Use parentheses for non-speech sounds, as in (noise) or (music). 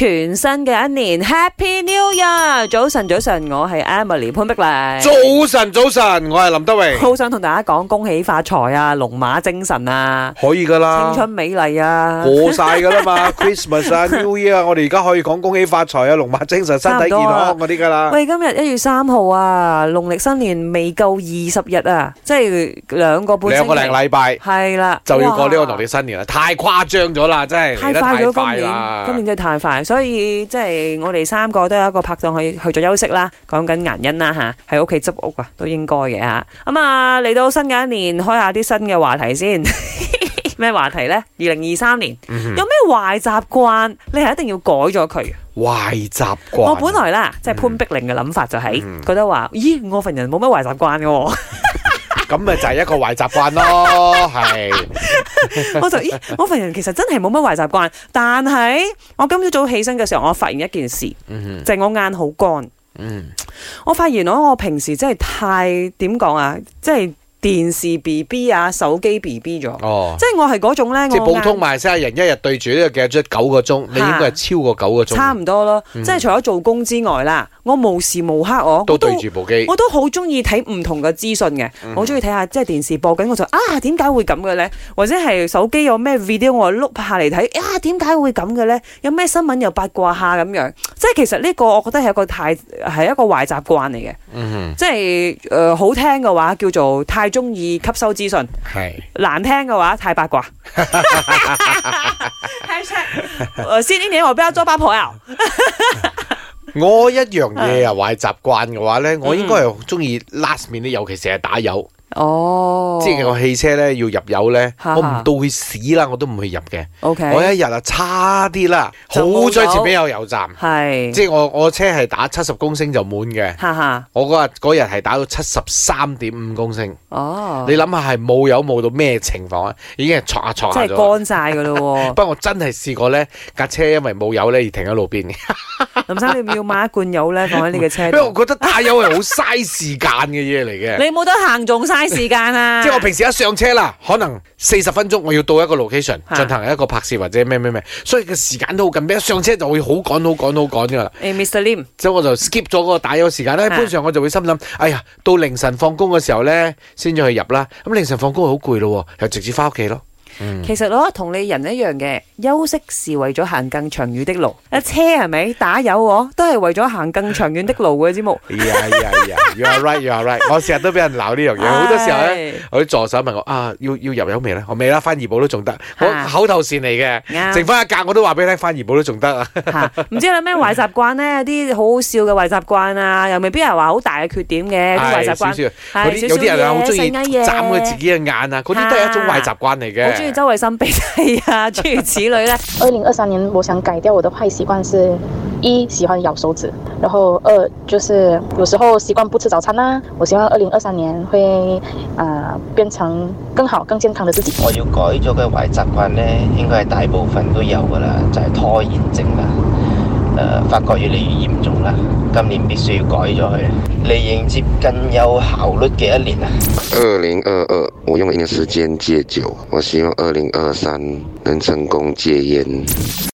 全新嘅一年，Happy New Year！早晨，早晨，我係 Emily 潘碧麗。早晨，早晨，我係林德榮。好想同大家講恭喜發財啊，龍馬精神啊，可以噶啦，青春美麗啊，過晒噶啦嘛，Christmas 啊，New Year 啊，我哋而家可以講恭喜發財啊，龍馬精神，身體健康嗰啲噶啦。喂，今日一月三號啊，農曆新年未夠二十日啊，即係兩個半星期。兩個零禮拜係啦，就要過呢個農曆新年啦，太誇張咗啦，真係太快咗今年，今年真係太快。所以即係我哋三個都有一個拍檔去去咗休息啦，講緊顏欣啦吓，喺屋企執屋啊，都應該嘅吓，咁啊嚟到新嘅一年，開下啲新嘅話題先，咩 (laughs) 話題呢？二零二三年、嗯、有咩壞習慣？你係一定要改咗佢壞習慣。我本來啦，即、就、係、是、潘碧玲嘅諗法就係、是嗯、覺得話，咦，我份人冇咩壞習慣嘅喎。咁 (laughs) 咪 (laughs) 就係一個壞習慣咯，係。 (laughs) 我就咦，我份人其實真係冇乜壞習慣，但係我今朝早起身嘅時候，我發現一件事，就係我眼好乾。嗯， (noise) 我發現我我平時真係太點講啊，即係。電視 B B 啊，手機 B B 咗、哦，即係我係嗰種咧。即係普通埋晒人一，人一日對住呢個鏡頭九個鐘，你應該係超過九個鐘。差唔多咯，嗯、即係除咗做工之外啦，我無時無刻我都對住部機，我都好中意睇唔同嘅資訊嘅，我中意睇下即係電視播緊我就啊，點解會咁嘅咧？或者係手機有咩 video 我碌下嚟睇啊，點解會咁嘅咧？有咩新聞又八卦下咁樣？即係其實呢個我覺得係一個太係一個壞習慣嚟嘅，即係誒、呃、好聽嘅話叫做太。中意吸收資訊，難聽嘅話太八卦，先呢年我比較多 p a r 我一樣嘢啊，壞習慣嘅話咧，我應該係中意 last 面咧，尤其成日打油。哦，即係個汽車咧要入油咧，我唔到去死啦，我都唔去入嘅。O、okay, K，我一日啊差啲啦，好在前面有油站，係，即係我我車係打七十公升就滿嘅。我嗰日嗰日係打到七十三點五公升。哦，你諗下係冇油冇到咩情況啊？已經係挫一挫下咗，即係乾晒噶咯。不 (laughs) 過我真係試過咧，架車因為冇油咧而停喺路邊嘅。 (laughs) 林生，你唔要買一罐油咧放喺呢個車？不過我覺得打油係好嘥時間嘅嘢嚟嘅。你冇得行仲時間啊，即係我平時一上車啦，可能四十分鐘我要到一個 location 進行一個拍攝或者咩咩咩，所以個時間都好緊，一上車就會好趕，好趕，好趕噶啦。誒、uh,，Mr. Lim，所以我就 skip 咗個打嘢嘅時間咧。一般、uh. 上我就會心諗，哎呀，到凌晨放工嘅時候咧，先再去入啦。咁凌晨放工好攰咯，又直接翻屋企咯。其實咯，同你人一樣嘅，休息是為咗行更長遠的路。啊，車係咪打油？我都係為咗行更長遠的路嘅，知冇？呀呀呀！You are right, you are right。我成日都俾人鬧呢樣嘢，好多時候咧，我啲助手問我啊，要要入油未咧？我未啦，翻二補都仲得。我口頭禪嚟嘅，剩翻一格我都話俾你聽，翻二補都仲得啊。唔知有咩壞習慣咧？有啲好好笑嘅壞習慣啊，又未必係話好大嘅缺點嘅壞習慣。係少少，有啲人啊好中意斬佢自己嘅眼啊，嗰啲都係一種壞習慣嚟嘅。周圍生病啊，諸如此類咧、啊。二零二三年我想改掉我的壞習慣是：一喜歡咬手指，然後二就是有時候習慣不吃早餐啦、啊。我希望二零二三年會啊、呃、變成更好、更健康的自己。我要改咗嘅壞習慣咧，應該係大部分都有噶啦，就係、是、拖延症啦。誒，發覺越嚟越嚴重啦，今年必須要改咗佢嚟迎接更有效率嘅一年啊！二零二二，我用一年時間戒酒，我希望二零二三能成功戒煙。